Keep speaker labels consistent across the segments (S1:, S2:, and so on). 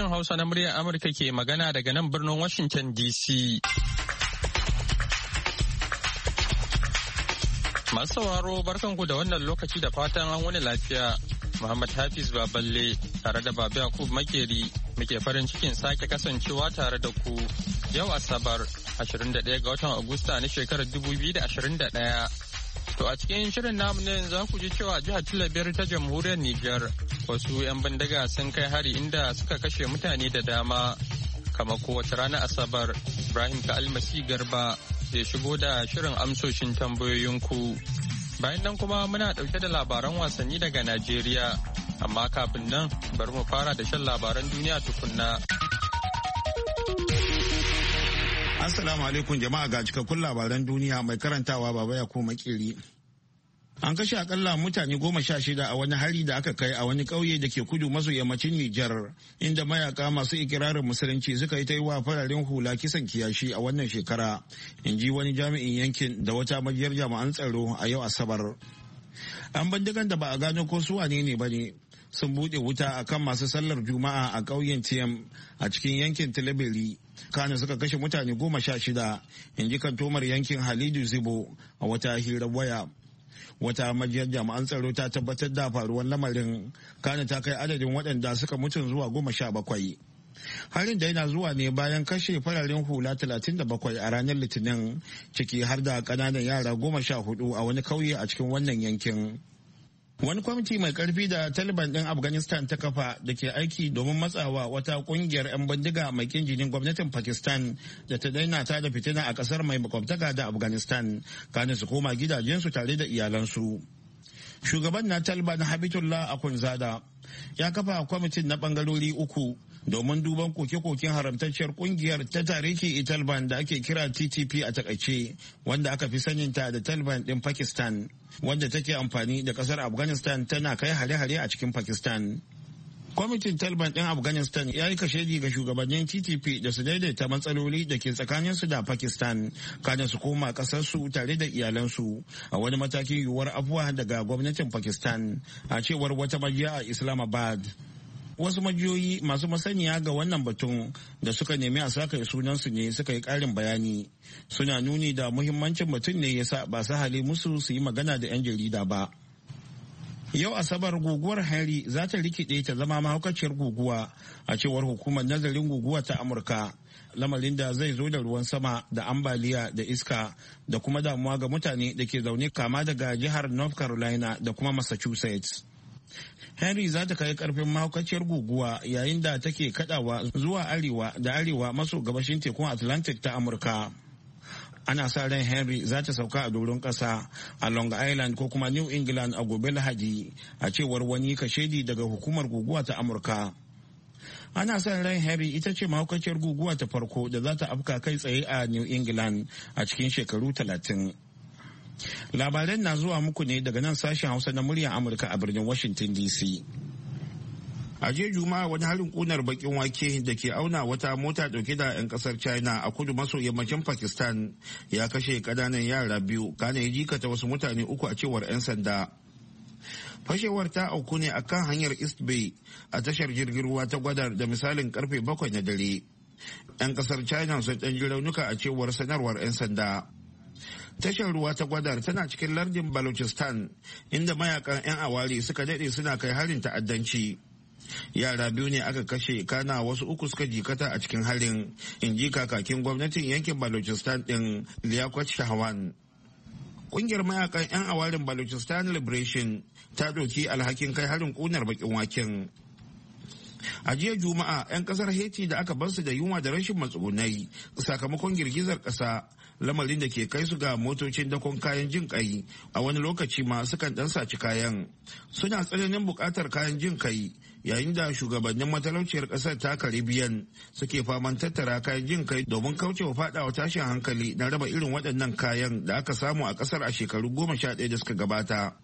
S1: sashen Hausa na muryar Amurka ke magana daga nan birnin Washington DC. Masu sauraro barkanku da wannan lokaci da fatan an wani lafiya. Muhammad Hafiz Baballe tare da Babu Yakub Makeri muke farin cikin sake kasancewa tare da ku yau Asabar 21 ga watan Agusta na shekarar 2021. To a cikin shirin namu ne za ku ji cewa jihar Tilabiyar ta jamhuriyar Nijar wasu 'yan bindiga sun kai hari inda suka kashe mutane da dama. Kama kowace ranar Asabar, Ibrahim ka almasi garba zai shigo da shirin amsoshin tambayoyinku. Bayan nan kuma muna ɗauke da labaran wasanni daga Najeriya, amma kafin nan bari mu fara da shan labaran duniya tukunna.
S2: Assalamu alaikum jama'a ga cikakkun labaran duniya mai karantawa baba ya koma kiri. An kashe akalla mutane goma sha shida a wani hari da aka kai a wani ƙauye da ke kudu maso yammacin Nijar, inda mayaka masu ikirarin musulunci suka yi ta yi wa fararen hula kisan kiyashi a wannan shekara, in ji wani jami'in yankin da wata majiyar jami'an tsaro a yau Asabar. An bindigan da ba a gano ko su wane ne ba ne, sun buɗe wuta akan masu sallar Juma'a a ƙauyen Tiyam a cikin yankin Tilibiri. kana suka kashe mutane goma sha shida in ji tomar yankin halidu zibo a wata hirar waya wata majiyar jami'an tsaro ta tabbatar da faruwar lamarin kana ta kai adadin waɗanda suka mutum zuwa goma sha bakwai harin da yana zuwa ne bayan kashe fararen hula 37 a ranar litinin ciki har da kananan yara goma sha hudu a wani kauye a cikin wannan yankin Wani kwamiti mai karfi da Taliban ɗin Afghanistan ta kafa da ke aiki domin matsawa wata ƙungiyar 'yan bindiga mai kin gwamnatin Pakistan da ta daina ta da fitina a ƙasar mai makwabtaka da Afghanistan kanin su koma gidajensu tare da iyalansu. Shugaban na Taliban Habitullah Akunzada ya kafa kwamitin na bangarori uku domin duban koke-koken haramtacciyar kungiyar ta tariki taliban da ake kira ttp a takaice wanda aka fi saninta da taliban ɗin pakistan wanda take amfani da ƙasar afghanistan tana kai hare-hare a cikin pakistan kwamitin taliban ɗin afghanistan ya yi kashedi ga shugabannin ttp da su daidaita matsaloli da ke tsakaninsu da pakistan kada su koma kasarsu tare da iyalansu a wani matakin yiwuwar afuwa daga gwamnatin pakistan a cewar wata majiya a islamabad wasu majiyoyi masu masaniya ga wannan batun da suka nemi a saka sunansu ne suka yi karin bayani suna nuni da muhimmancin mutum ne ya sa ba su hali musu su yi magana da 'yan jarida ba yau asabar guguwar henry za ta rikide ta zama mahaukaciyar guguwa a cewar hukumar nazarin guguwa ta amurka lamarin da zai zo da ruwan sama da ambaliya da iska da kuma damuwa ga mutane da ke zaune kama daga jihar north carolina da kuma massachusetts henry za ta kai karfin mahaukaciyar guguwa yayin da take kadawa zuwa arewa da arewa maso gabashin tekun atlantic ta amurka ana sa ran henry za ta sauka a doron kasa a long island ko kuma new england a gobe lahadi a cewar wani kashedi daga hukumar guguwa ta amurka ana san ran henry ita ce mahaukaciyar guguwa ta farko da za ta afka kai tsaye a new england a cikin shekaru talatin. Labaran na zuwa muku ne daga nan sashen Hausa na muryar Amurka a birnin Washington DC. A jiya Juma'a wani harin kunar bakin wake da ke auna wata mota dauke da 'yan kasar China a kudu maso yammacin Pakistan ya kashe kananan yara biyu kana ya jikata wasu mutane uku a cewar 'yan sanda. Fashewar ta auku ne a kan hanyar East Bay a tashar jirgin ruwa ta gwadar da misalin karfe bakwai na dare. 'Yan kasar China sun ɗan ji raunuka a cewar sanarwar 'yan sanda. tashar ruwa ta gwadar tana cikin lardin balochistan inda mayakan 'yan awari suka daɗe suna kai harin ta'addanci yara biyu ne aka kashe kana wasu uku suka jikata a cikin harin in ji kakakin gwamnatin yankin balochistan ɗin liyakwat shahwan Ƙungiyar mayakan 'yan awarin balochistan liberation ta doki alhakin kai harin kunar bakin wakin. a jiya juma'a 'yan kasar haiti da aka bar su da yunwa da rashin matsugunai sakamakon girgizar kasa lamarin da ke kai su ga motocin dakon kayan jin kai a wani lokaci ma sukan dan saci kayan suna tsananin buƙatar kayan jin kai yayin da shugabannin matalauciyar ƙasar ta karibiyan suke faman tattara kayan jin kai domin kauce kaucewa faɗawa tashin hankali na raba irin waɗannan kayan da aka samu a ƙasar a shekaru goma sha ɗaya da suka gabata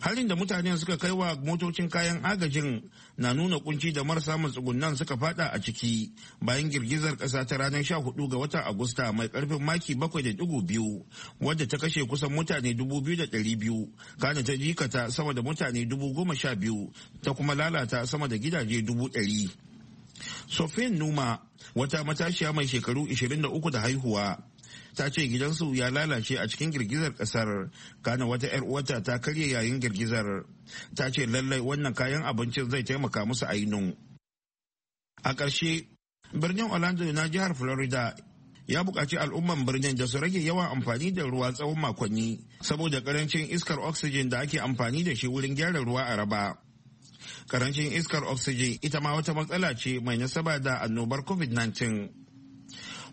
S2: harin da mutanen suka kai wa motocin kayan agajin na nuna kunci da marasa matsugunan suka fada a ciki bayan girgizar kasa ta ranar 14 ga watan agusta mai karfin maki 7.2 wadda ta kashe kusan mutane 2,200 kana ta jikata sama da mutane 12,000 ta kuma lalata sama da gidaje 100 Sofin Numa wata matashiya mai shekaru 23 da haihuwa ta ce gidansu ya lalace a cikin girgizar kasar kana wata 'yar uwata ta karye yayin girgizar ta ce lallai wannan kayan abincin zai taimaka musu ainun a ƙarshe birnin orlando na jihar florida ya buƙaci al'umman birnin da su rage yawan amfani da ruwa tsawon makonni saboda ƙarancin iskar oxygen da ake amfani da shi wurin gyara ruwa a raba. Karancin iskar oxygen ita ma wata matsala ce mai nasaba da annobar COVID-19.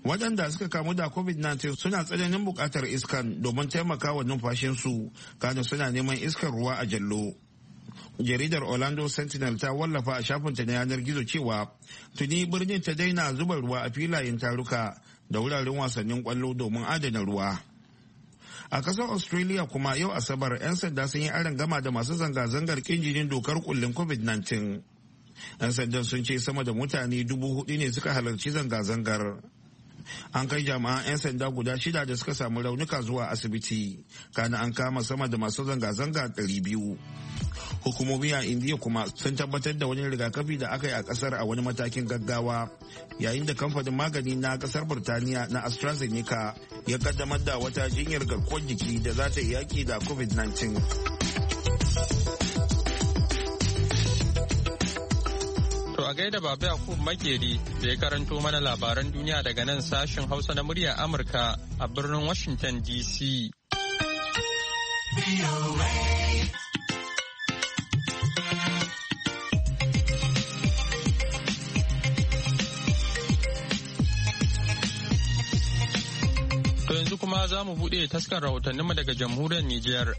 S2: waɗanda suka kamu da covid-19 suna tsananin buƙatar iskan domin taimakawa numfashinsu kana suna neman iskar ruwa a jallo jaridar orlando sentinel ta wallafa a shafinta na yanar gizo cewa tuni birnin ta daina zuba ruwa a filayen taruka da wuraren wasannin kwallo domin adana ruwa a kasar australia kuma yau asabar 'yan sanda sun yi aron gama da masu zanga-zangar kinjinin dokar kullin covid-19 'yan sandan sun ce sama da mutane dubu hudu ne suka halarci zanga-zangar an kai jami'an 'yan sanda guda shida da suka samu raunuka zuwa asibiti kana an kama sama da masu zanga-zanga 200 hukumomi a indiya kuma sun tabbatar da wani rigakafi da aka yi a kasar a wani matakin gaggawa yayin da kamfanin magani na kasar burtaniya na astrazeneca ya kaddamar da wata jinyar garkuwar jiki da za ta yaki da
S1: covid-19 a gaida Babu Yakub Makeri da ya karanto mana labaran duniya daga nan sashen Hausa na muryar Amurka a birnin Washington DC. To yanzu kuma za mu buɗe taskar rahotanninmu daga jamhuriyar Nijar.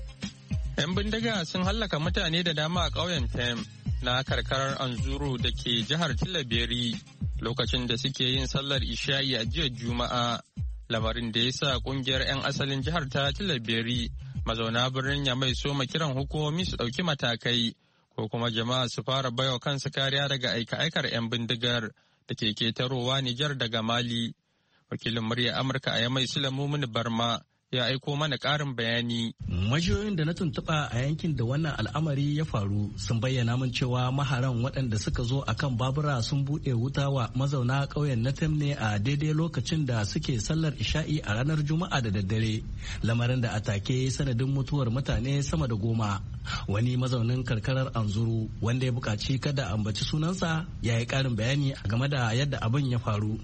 S1: 'Yan bindiga sun hallaka mutane da dama a ƙauyen Tem. na karkarar anzuru da ke jihar tilaberi lokacin da suke yin sallar isha'i a jiya juma'a lamarin da ya sa kungiyar 'yan asalin jihar ta tilaberi mazauna birnin ya mai soma kiran hukumomi su ɗauki matakai ko kuma jama'a su fara baiwa kansu kariya daga aika-aikar 'yan bindigar da ke ketarowa Nijar daga Mali. Wakilin murya Amurka a Yamai Sulamu Barma ya aiko mana ƙarin bayani. Majiyoyin da na
S3: tuntuɓa a yankin da wannan al'amari ya faru sun bayyana min cewa maharan waɗanda suka zo a kan babura sun buɗe wuta wa mazauna ƙauyen na ne a daidai lokacin da suke sallar isha'i a ranar Juma'a da daddare, lamarin da atake sanadin mutuwar mutane sama da goma. Wani mazaunin karkarar Anzuru wanda ya buƙaci kada ambaci sunansa ya yi ƙarin bayani game da yadda abin ya faru.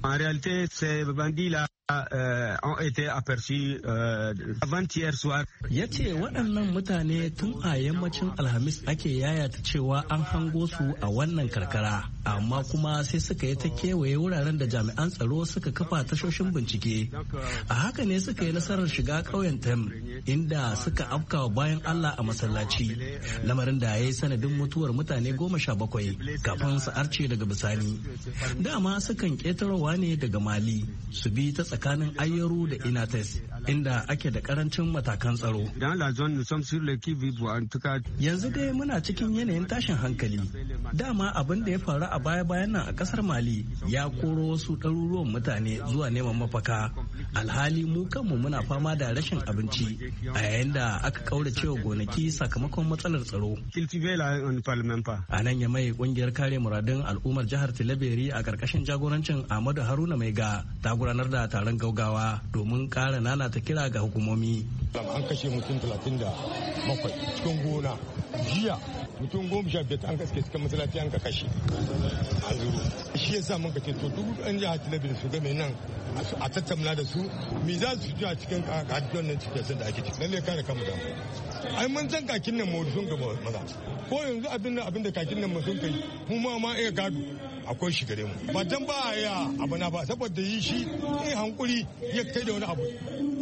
S3: Uh, eh, ont été aperçus uh, eh, avant-hier soir. Ya ce waɗannan mutane tun a yammacin Alhamis ake yayata cewa an hango su a wannan karkara, amma kuma sai suka yi ta kewaye wuraren da jami'an tsaro suka kafa tashoshin bincike. A haka ne suka yi nasarar shiga ƙauyen Tem, inda suka afkawa bayan Allah a masallaci, lamarin da ya yi sanadin mutuwar mutane goma sha bakwai kafin su arce daga bisani. Dama sukan ƙetarowa ne daga Mali, su bi ta tsakanin Ayyaru da Inates inda ake da karancin matakan tsaro. Yanzu dai muna cikin yanayin tashin hankali. Dama abin da ya faru a baya-bayan nan a kasar Mali ya koro wasu ɗaruruwan mutane zuwa neman mafaka. Alhali mu kanmu muna fama da rashin abinci a yayin da aka kaura wa gonaki sakamakon matsalar tsaro. A nan ya mai kungiyar kare muradun al'ummar jihar Tilaberi a ƙarƙashin jagorancin amadu Haruna mai ga ta gudanar da taron taron gaugawa domin ƙara nanata kira ga hukumomi. An kashe mutum talatin da bakwai cikin gona jiya mutum goma sha biyar an kaske cikin masalaci an ka kashe.
S2: shi yasa muka ce to duk an jihar talabijin su game nan a tattauna da su me za su ji a cikin kakiyon nan cikin da ake cikin lalle kare kama damu ai mun san kakin nan mu sun gaba maza ko yanzu abin abin da kakin nan mu sun kai mu ma ma iya gado akwai shi gare mu ba dan ba ya abu na ba saboda yi shi in hankuri ya kai da wani abu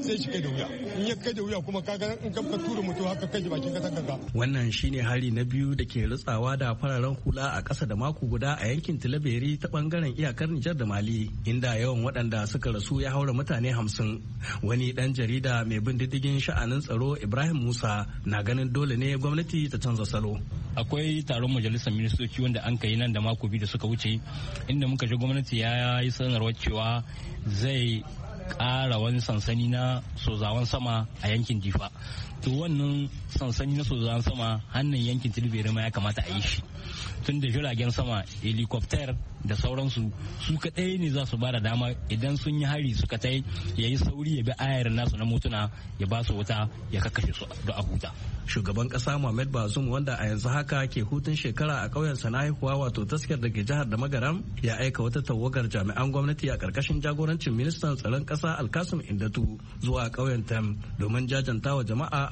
S2: sai shi kai da wuya in ya kai da wuya kuma kaga in ka tura mutum haka kai bakin kasa kanka
S3: wannan shine hari na biyu da ke rutsawa da fararen hula a ƙasa da mako guda a yankin Tilaberi ta bangaren iyakar Nijar da Mali inda yawan waɗanda suka rasu ya haura mutane hamsin. Wani ɗan jarida mai bin diddigin sha'anin tsaro Ibrahim Musa na ganin dole ne gwamnati ta canza salo. Akwai taron majalisar ministoci wanda an kai nan da mako biyu da suka wuce inda muka ji gwamnati ya yi sanarwar cewa zai ƙara wani sansani na sozawan sama a yankin jifa. to wannan sansani na sojan sama hannun yankin tilbere ma ya kamata a yi shi tun da jiragen sama helicopter da sauransu su kaɗai ne za su ba da dama idan sun yi hari suka tai ya yi sauri ya bi ayar nasu na motuna ya ba su wuta ya kakashe su da a huta shugaban kasa mohamed Bazoum wanda a yanzu haka ke hutun shekara a ƙauyen sana haihuwa wato taskar da ke jihar da magaram ya aika wata tawagar jami'an gwamnati a ƙarƙashin jagorancin ministan tsaron ƙasa Alkasim Indatu zuwa ƙauyen tem domin jajanta wa jama'a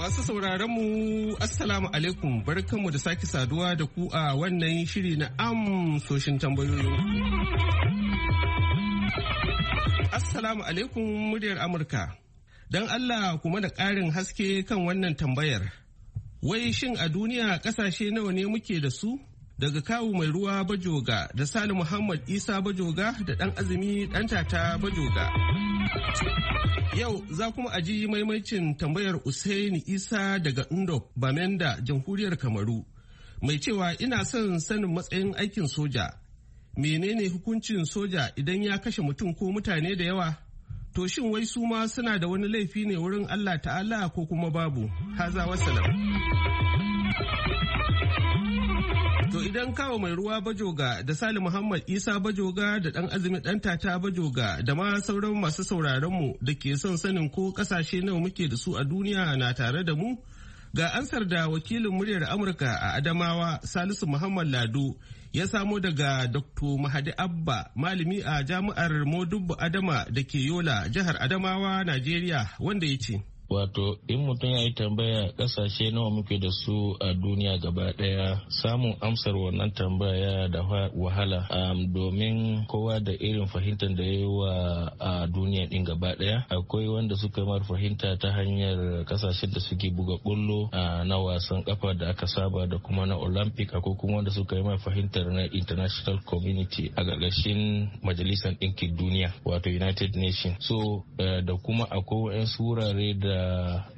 S4: Masu sauraron mu Assalamu alaikum barkanmu da sake saduwa da ku a wannan shiri na amsoshin tambayoyi. Assalamu alaikum muryar Amurka. Don Allah kuma da ƙarin haske kan wannan tambayar. Wai shin a duniya ƙasashe nawa ne muke da su? Daga kawu mai ruwa bajoga da Sani Muhammad Isa bajoga da ɗan azumi ɗan tata bajoga. Yau za kuma a ji maimaicin tambayar Usaini Isa daga indok Bamenda jamhuriyar Kamaru mai cewa ina son sanin matsayin aikin soja. Menene hukuncin soja idan ya kashe mutum ko mutane da yawa? To shin wai suma suna da wani laifi ne wurin Allah ta'ala ko kuma babu? Haza wasalam. To idan kawo mai ruwa bajoga da Sali Muhammad Isa bajoga da ɗan azumi ɗan tata bajoga da ma sauran masu sauraronmu da ke son sanin ko ƙasashe nawa muke da su a duniya na tare da mu? Ga ansar da wakilin muryar Amurka a Adamawa Salisu Muhammad Lado ya samo daga Dr. Mahadi Abba malami a jami'ar modubu Adama da ke Yola jihar Adamawa Najeriya wanda ya ce.
S5: wato in mutum ya yi tambaya kasashe nawa muke da su a duniya gaba daya samun amsar wannan tambaya ya da wahala domin kowa da irin fahimtar da ya wa a duniya din gaba daya akwai wanda suka mar fahimta ta hanyar kasashe da suke buga kullo na wasan kafa da aka saba da kuma na olympic akwai kuma wanda suka yi mar fahimtar na international community a gargashin majalisar ɗinkin duniya wato united nations so eh, da kuma akwai wurare wurare da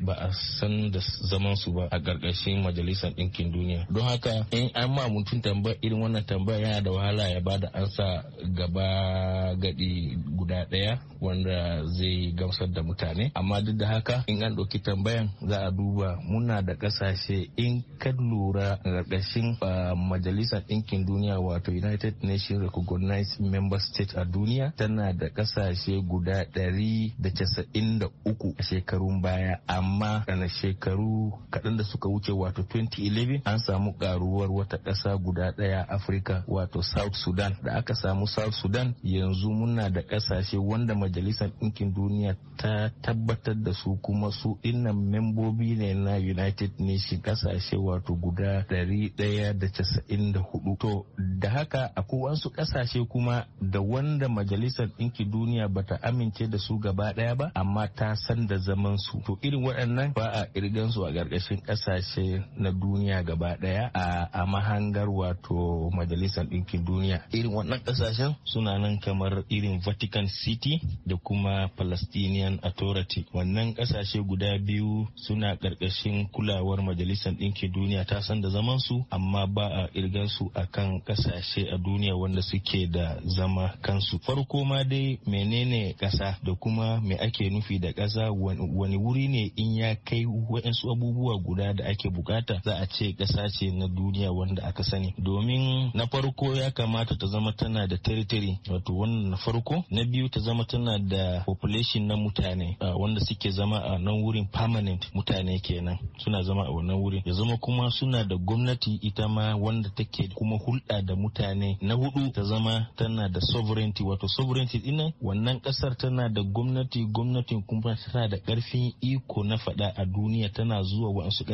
S5: ba a san da zaman su ba a ƙarƙashin majalisar ɗinkin duniya don haka in an ma mutum tambaya irin wannan tambaya yana da wahala ya bada ansa gaba gadi guda ɗaya wanda zai gamsar da mutane amma duk da haka in an ɗauki tambayan za a duba muna da ƙasashe in ka lura ƙarƙashin majalisar ɗinkin duniya wato united nations recognized member state a duniya tana da ƙasashe guda ɗari da casa'in da uku a shekarun baya baya amma daga shekaru kaɗan da suka wuce wato 2011 an samu karuwar wata ƙasa guda ɗaya afirka wato south sudan da aka samu south sudan yanzu muna da ƙasashe wanda majalisar ɗinkin duniya ta tabbatar da su kuma su innan membobi ne na united nations ƙasashe wato guda 194 to da haka akwai wasu ƙasashe kuma da wanda majalisar ɗinkin duniya bata amince da su gaba ɗaya ba amma ta san da zaman su su to irin waɗannan ba a irgan su a ƙarƙashin ƙasashe na duniya gaba ɗaya a mahangar wato majalisar ɗinkin duniya irin waɗannan ƙasashen suna nan kamar irin vatican city da kuma palestinian authority wannan ƙasashe guda biyu suna ƙarƙashin kulawar majalisar ɗinkin duniya ta san da zaman su amma ba a irgan su a kan ƙasashe a duniya wanda suke da zama kansu farko ma dai menene ƙasa da kuma me ake nufi da ƙasa wani wuri ne in ya kai waɗansu abubuwa guda da ake bukata za a ce ƙasa ce na duniya wanda aka sani domin na farko ya kamata ta zama tana da territory wato wannan na farko na biyu ta zama tana da population na mutane wanda suke zama a nan wurin permanent mutane kenan suna zama a wannan wurin ya zama kuma suna da gwamnati ita ma wanda take kuma hulɗa da mutane na hudu ta zama tana da sovereignty wato sovereignty ina wannan ƙasar tana da gwamnati gwamnatin kuma tana da ƙarfin iko na faɗa a duniya tana zuwa wasu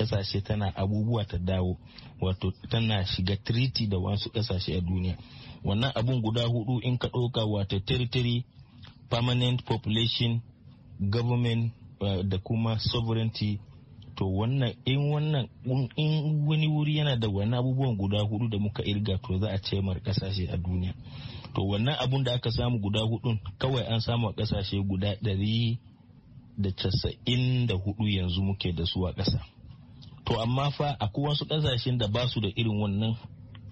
S5: kasashe tana abubuwa ta dawo wato tana shiga triti da wasu kasashe a duniya wannan abun guda hudu in ka ɗauka wato territory permanent population government eh, da kuma sovereignty to wannan in wannan in wani wuri yana da wani abubuwan guda hudu da muka irga to za a ce mar kasashe a duniya to wannan abun da aka samu guda hudun kawai an samu a kasashe guda ɗari da casa'in da hudu yanzu muke da su a kasa. to amma fa a wasu ƙasashen da ba su da irin wannan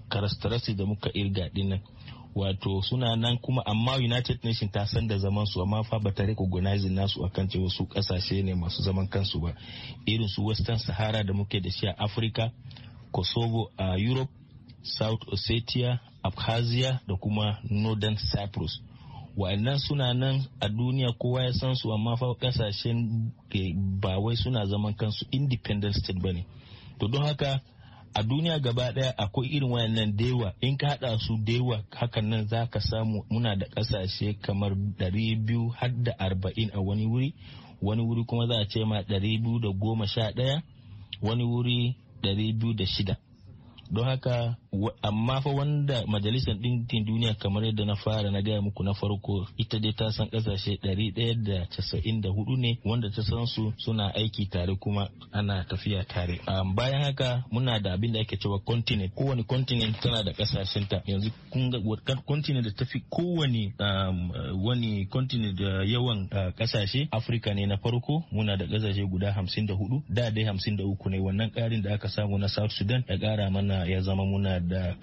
S5: karastarasi da muka irga dinnan wato suna nan kuma amma united nation ta san da zaman su amma fa bata recognize nasu akan cewa su kasashe ne masu zaman kansu ba irin su western sahara da muke da shi a africa kosovo a uh, europe south ossetia abkhazia da kuma northern cyprus wa'annan suna nan a duniya kowa ya san su amma fa kasashen ba wai suna zaman kansu independent state ba ne to don haka a duniya gaba daya akwai irin wayannan dewa in ka hada su dewa hakan nan za ka samu muna da kasashe kamar 200 har da 40 a wani wuri wani wuri kuma za a ce ma 211 wani wuri 206 don haka amma fa wanda majalisar ɗinkin duniya kamar yadda na fara na gaya muku na farko ita dai ta san ƙasashe hudu ne wanda ta san su suna aiki tare kuma ana tafiya tare bayan haka muna da abin da ake cewa continent kowane continent tana da ƙasashen ta yanzu kun ga continent da tafi kowane wani continent da yawan ƙasashe afirka ne na farko muna da ƙasashe guda hamsin da dai hamsin da ne wannan ƙarin da aka samu na south sudan da ƙara mana ya zama muna da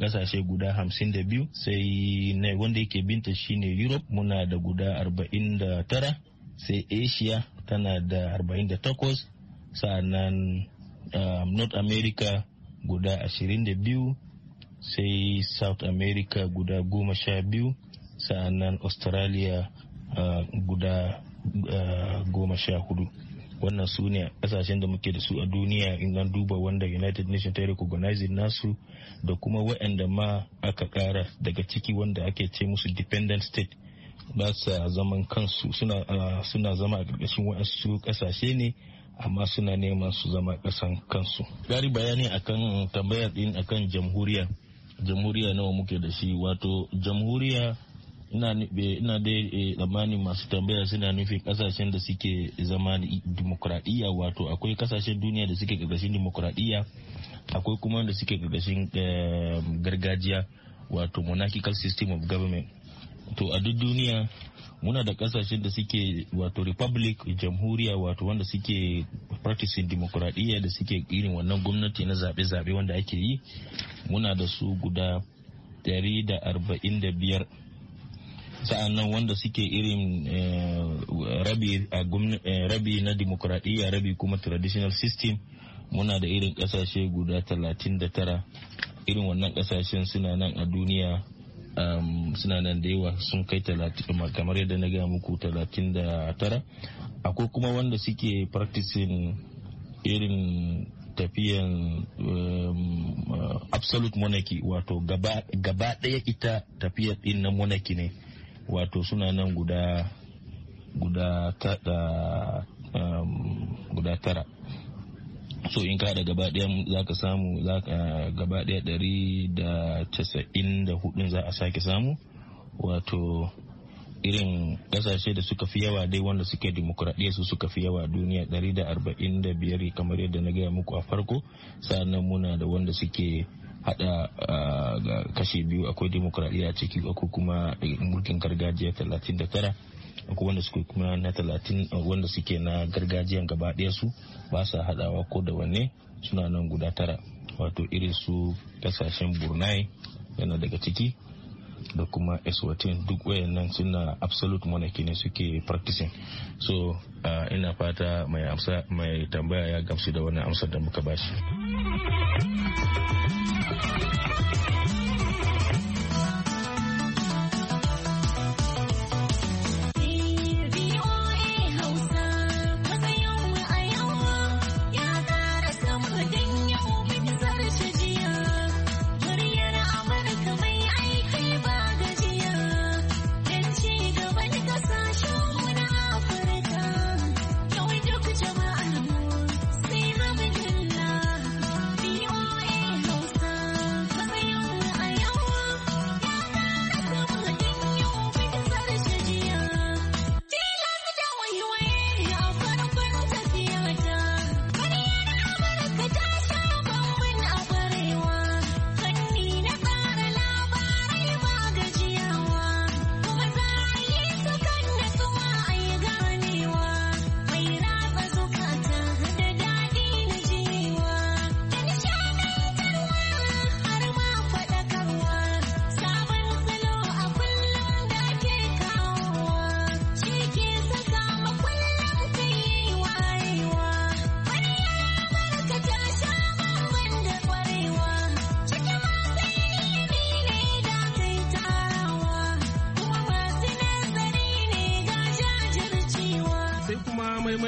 S5: kasashe guda hamsin da biyu sai na wanda yake binta shine europe muna da guda arba'in da tara sai asia tana da arba'in da takwas sa'annan um, north america guda ashirin da biyu sai south america guda goma sha biyu sa'annan australia uh, guda uh, goma sha hudu wannan su ne kasashen da muke da su a duniya in an duba wanda united nations ta recognize nasu da kuma waɗanda ma aka kara daga ciki wanda ake ce musu dependent state ba sa zaman kansu suna, zama a ƙarƙashin waɗansu kasashe ne amma suna neman su zama ƙasan kansu gari bayani akan tambayar din akan jamhuriya jamhuriya nawa muke da shi wato jamhuriya ina da eh, tsammani masu tambaya suna nufin kasashen da suke zama dimokuraɗiyya wato akwai kasashen duniya da suke gagashin dimokuraɗiyya akwai kuma da suke gagashin eh, gargajiya wato monarchical system of government to a duk duniya muna da kasashen da suke wato republic jamhuriya wato wanda suke practicing demokuraɗiyya da suke irin wannan gwamnati na zaɓe zabe wanda ake yi muna da su guda 145 nan wanda suke irin eh, eh, rabi na demokuraɗiyya rabi kuma traditional system muna da irin ƙasashe guda 39 irin wannan ƙasashen suna nan a duniya um, suna nan da yawa sun kai kamar yadda na gaya muku 39 akwai kuma wanda suke practicing irin tafiyan um, uh, absolute monarchy wato gaba ɗaya ita tafiyar ɗin na monarchy ne wato suna nan guda guda tada um, guda tara so in kada gaba daya za ka samu ka gaba daya dari da casa'in da hudun za a sake samu wato irin ƙasashe da suka fi yawa dai wanda suke demokuraɗiyya su suka fi yawa duniya ɗari da arba'in da biyar kamar yadda na gaya muku a farko sa'annan muna da wanda suke hada ah, kashe biyu akwai demokradiyya ciki akwai kuma mulkin gargajiya 39 akwai wanda suke kuma na 30 ah, wanda suke na gargajiyan gaba ɗaya su ba sa hadawa ko da wanne suna nan guda tara wato irin su kasashen burnai yana daga ciki da kuma eswatin duk wayannan suna absolute monarchy ne suke practicing so uh, ina fata mai tambaya ya gamsu da wannan amsar da muka bashi. Thank you.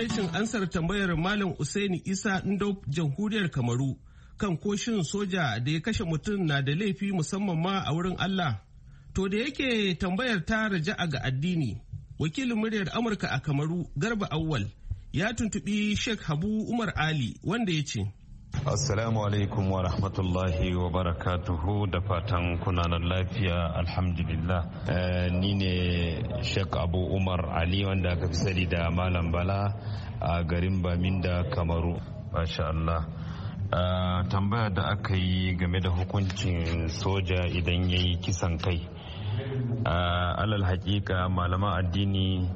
S4: muhimmancin ansar tambayar Malam Usaini Isa ndo jamhuriyar Kamaru kan koshin soja da ya kashe mutum na da laifi musamman ma a wurin Allah. To da yake tambayar ta raja'a ga addini, wakilin muryar Amurka a Kamaru Garba Awwal ya tuntubi Sheikh Habu Umar Ali wanda ya ce.
S6: Assalamu alaikum wa rahmatullahi wa barakatuhu da fatan kunanan lafiya alhamdulillah. Eh, ni ne Sheikh Abu Umar Ali wanda aka fi sani da Malam Bala a garin Baminda Kamaru. Masha Allah. Eh, tambaya da aka yi game da hukuncin soja idan yayi kisan kai. Eh, alal hakika malaman addini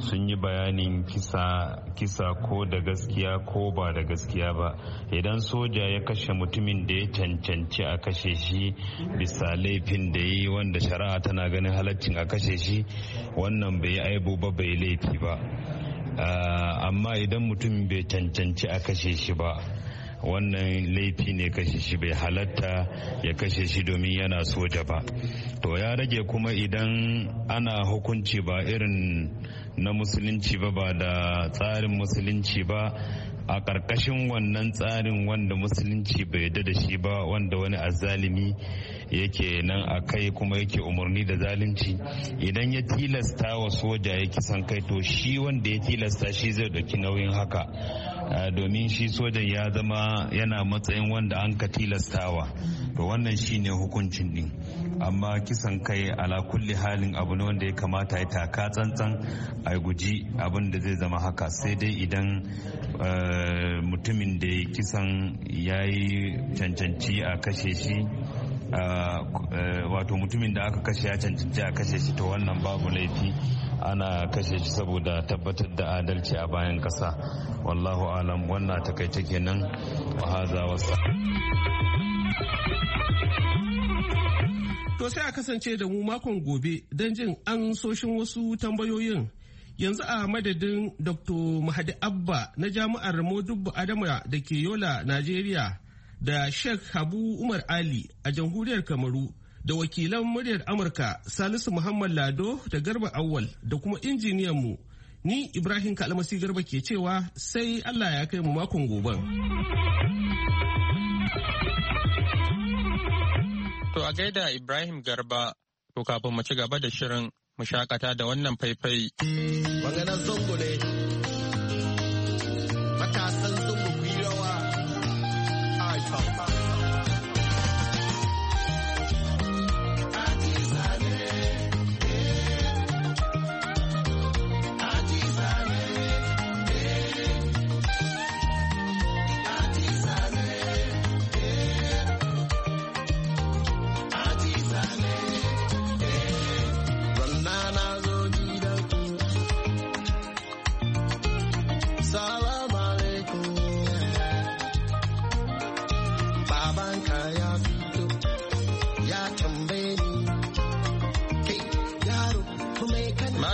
S6: sun yi bayanin kisa ko da gaskiya ko ba da gaskiya ba idan soja ya kashe mutumin da ya cancanci a kashe shi bisa laifin da yi wanda shari'a tana ganin halaccin a kashe shi wannan bai aibu ba bai laifi ba ah, amma idan mutumin bai cancanci a kashe shi ba wannan laifi ne kashe shi bai halatta ya kashe shi domin yana soja ba to ya rage kuma idan ana hukunci ba irin na musulunci ba ba da tsarin musulunci ba a ƙarƙashin wannan tsarin wanda musulunci bai da da shi ba wanda wani azzalimi yake nan a kai kuma yake umarni da zalunci idan ya tilasta wa soja ya kisan kai to shi wanda ya tilasta shi zai ɗauki nauyin haka domin shi sojan ya zama yana matsayin wanda an ka tilastawa to wannan shi ne hukuncin din amma kisan kai ala kulli halin abu ne wanda ya kamata ya taka tsantsan a guji abin da zai zama haka sai dai idan eh, mutumin da ya kisan ya yi cancanci a kashe shi Eh, eh, wato mutumin da aka kashe ya cancanci a kashe shi to wannan babu laifi ana kashe shi saboda tabbatar da adalci a bayan kasa wallahu alam wannan takaice kenan wa haza wasa
S4: To sai a kasance da mu makon gobe don jin an soshin wasu tambayoyin. Yanzu a madadin Dr. Mahadi Abba na Jami'ar modubu Adama da ke Yola, Najeriya, da Sheikh Habu Umar Ali a jamhuriyar Kamaru da wakilan muryar Amurka Salisu Muhammad Lado da Garba Awal da kuma mu ni Ibrahim Kalmasi Garba ke cewa sai Allah ya kai mu makon gobe
S1: To a gaida Ibrahim Garba to kafin mu ci gaba da shirin mu shakata da wannan faifai.
S4: Maganar zongo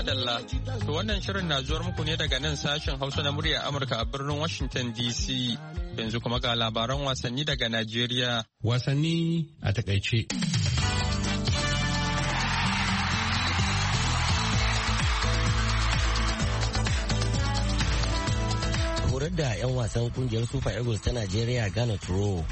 S7: madalla.
S1: To wannan shirin na zuwar muku ne daga nan sashen Hausa na murya Amurka a birnin Washington DC. Yanzu kuma ga labaran wasanni daga Najeriya. Wasanni a takaice.
S8: horar da 'yan wasan kungiyar Super Eagles ta Najeriya Ghana Turo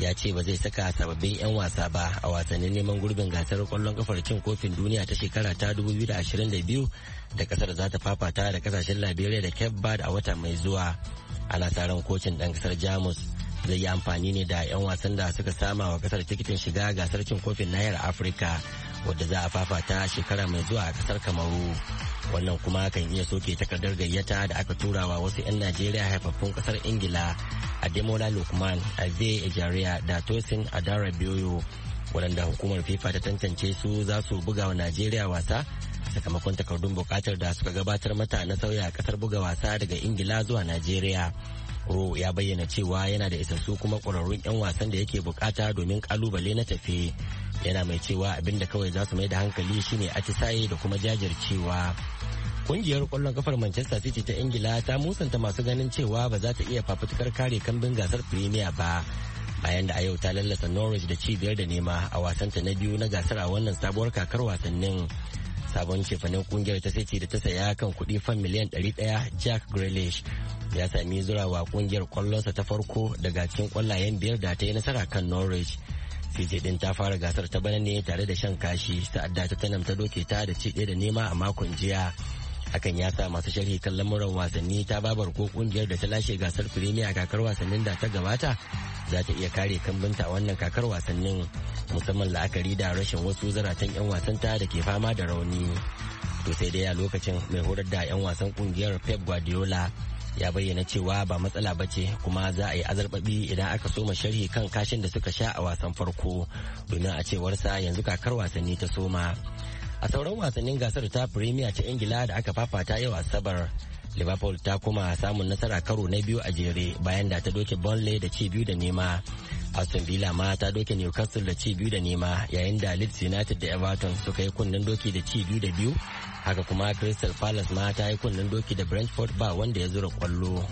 S8: ya ce ba zai saka sababbin 'yan wasa ba a wasannin neman gurbin gasar kwallon kafar cin kofin duniya ta shekara ta 2022 da kasar za ta fafata da kasashen liberia da cape verde a wata mai zuwa ana tsaron kocin dan kasar jamus zai yi amfani ne da 'yan wasan da suka sama wa kasar tikitin shiga gasar cin kofin nahiyar afirka wadda za a fafata shekara mai zuwa a kasar kamaru wannan kuma kan iya soke takardar gayyata da aka tura wa wasu 'yan najeriya haifaffun kasar ingila ademola lukman aze ejariya da tosin adara biyoyo waɗanda hukumar fifa ta tantance su za su buga wa najeriya wasa sakamakon takardun bukatar da suka gabatar mata na sauya kasar buga wasa daga ingila zuwa najeriya ro ya bayyana cewa yana da isassu kuma ƙwararrun 'yan wasan da yake bukata domin ƙalubale na tafe yana mai cewa abinda kawai za su mai da hankali shine atisaye da kuma jajircewa kungiyar kwallon kafar manchester city ta ingila ta musanta masu ganin cewa ba za ta iya fafutukar kare kambin gasar premier ba bayan da a yau ta lallasa norwich da cibiyar da nema a wasanta na biyu na gasar a wannan sabuwar kakar wasannin sabon cefanen kungiyar ta city da ta saya kan kudi fan miliyan 100 jack grealish ya sami zurawa kungiyar kwallonsa ta farko daga cikin kwallayen biyar da ta yi nasara kan norwich fiji din ta fara gasar ta bana ne tare da shan kashi ta'adda ta tanam ta doke ta da ci da nema a makon jiya hakan ya sa masu sharhi kan lamuran wasanni ta babar ko kungiyar da ta lashe gasar firimiya kakar wasannin da ta gabata za ta iya kare kambinta wannan kakar wasannin musamman la'akari da rashin wasu zaratan 'yan wasanta da ke fama da rauni to sai dai a lokacin mai horar da 'yan wasan kungiyar pep guardiola ya bayyana cewa ba matsala ba ce kuma za a yi azarbabi idan aka soma sharhi kan kashin da suka sha a wasan farko domin a cewarsa yanzu kakar wasanni ta soma a sauran wasannin gasar ta premier ta ingila da aka fafata yau asabar liverpool ta kuma samun nasara karo na biyu a jere bayan da ta doke burnley da ci biyu da nema aston villa ma ta doke newcastle da ci biyu da nema yayin da leeds united da everton suka yi kunnen doki da ci biyu da biyu haka kuma crystal palace ma ta yi kunnen doki da brentford ba wanda ya zura kwallo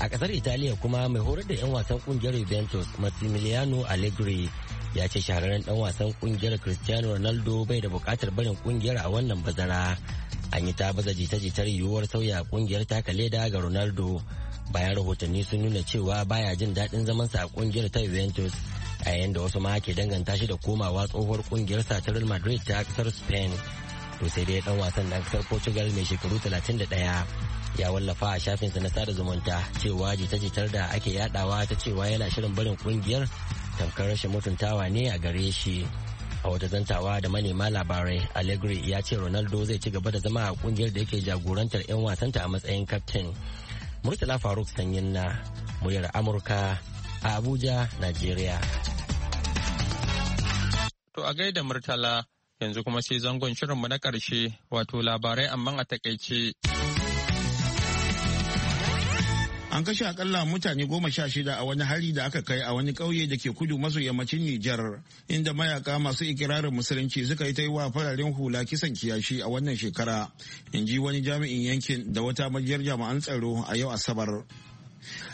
S8: a kasar italiya kuma mai horar da 'yan wasan kungiyar juventus massimiliano allegri ya ce shahararren dan wasan kungiyar cristiano ronaldo bai da bukatar barin kungiyar a wannan bazara an yi ta baza jita-jitar yiwuwar sauya kungiyar taka leda ga ronaldo bayan rahotanni sun nuna cewa baya jin daɗin zamansa a ƙungiyar ta Juventus a yayin da wasu ma ke danganta shi da komawa tsohuwar sa ta Real Madrid ta kasar Spain. To sai dai dan wasan dan kasar Portugal mai shekaru 31 ya wallafa a shafinsa na sada zumunta cewa jita-jitar da ake yadawa ta cewa yana shirin barin ƙungiyar tamkar rashin mutuntawa ne a gare shi. a wata zantawa da manema labarai allegri ya ce ronaldo zai ci gaba da zama a ƙungiyar da yake jagorantar 'yan wasanta a matsayin kaftin Murtala Faruk Sanyin na muryar Amurka a Abuja, Najeriya.
S1: To a gaida Murtala yanzu kuma sai zangon shirinmu na ƙarshe wato labarai amma a takaice.
S2: An kashe akalla mutane goma sha shida a wani hari da aka kai a wani ƙauye da ke kudu maso yammacin Nijar, inda mayaka masu ikirarin musulunci suka yi ta yi wa fararen hula kisan kiyashi a wannan shekara, in ji wani jami'in yankin da wata majiyar jami'an tsaro a yau Asabar.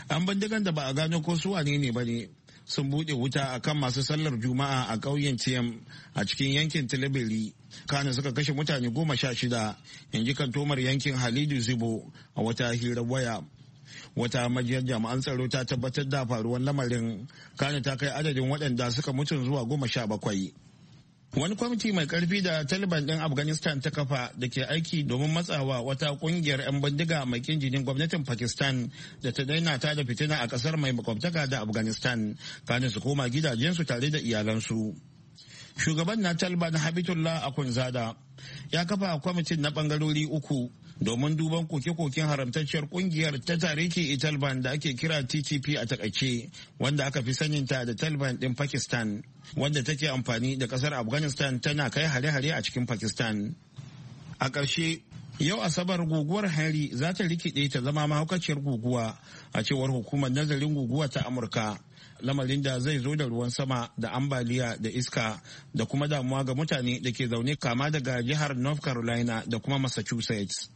S2: An bindigan da ba a gano ko su wane ne ba ne. sun buɗe wuta a kan masu sallar juma'a a ƙauyen tiyam a cikin yankin tilibiri kana suka kashe mutane goma sha shida in ji kantomar yankin halidu zibo a wata hirar waya wata majiyar jami'an tsaro ta tabbatar da faruwar lamarin Kane ta kai adadin waɗanda suka mutu zuwa goma sha bakwai wani kwamiti mai karfi da taliban ɗin afghanistan ta kafa da ke aiki domin matsawa wata ƙungiyar 'yan bindiga mai kin gwamnatin pakistan da ta daina ta da fitina a kasar mai makwabtaka da afghanistan kane su koma gidajensu tare da iyalansu shugaban na taliban habitullah akunzada ya kafa kwamitin na bangarori uku domin duban koke-koken haramtacciyar kungiyar ta tariki taliban da ake kira ttp a takaice wanda aka fi saninta da taliban din pakistan wanda take amfani da kasar afghanistan tana kai hare-hare a cikin pakistan a ƙarshe yau asabar guguwar henry za ta rikide ta zama mahaukaciyar guguwa a cewar hukumar nazarin guguwa ta amurka lamarin da zai zo da ruwan sama da ambaliya da iska da kuma damuwa ga mutane da ke zaune kama daga jihar north carolina da kuma massachusetts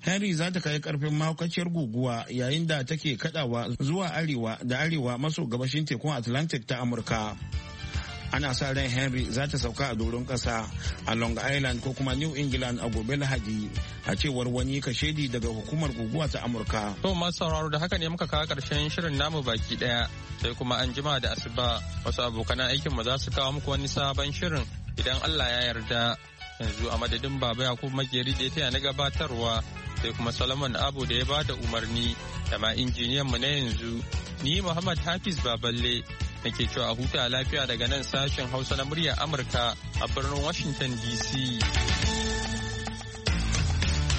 S2: Henry za ta kai karfin mahaukaciyar guguwa yayin da take kadawa zuwa arewa da arewa maso gabashin tekun Atlantic ta Amurka. Ana sa ran Henry za ta sauka a doron kasa a Long Island ko kuma New England a gobe Lahadi a cewar wani kashedi daga hukumar guguwa ta Amurka.
S1: To masu sauraro da haka ne muka kawo karshen shirin namu baki daya sai kuma an jima da asuba wasu abokan aikin mu za su kawo muku wani sabon shirin idan Allah ya yarda. yanzu a madadin baba yakubu makeri da ya taya na gabatarwa sai kuma solomon abu da ya ba da umarni da ma injiniyan mu na yanzu ni muhammad hafiz baballe nake cewa a huta lafiya daga nan sashen hausa na muryar amurka a birnin washington dc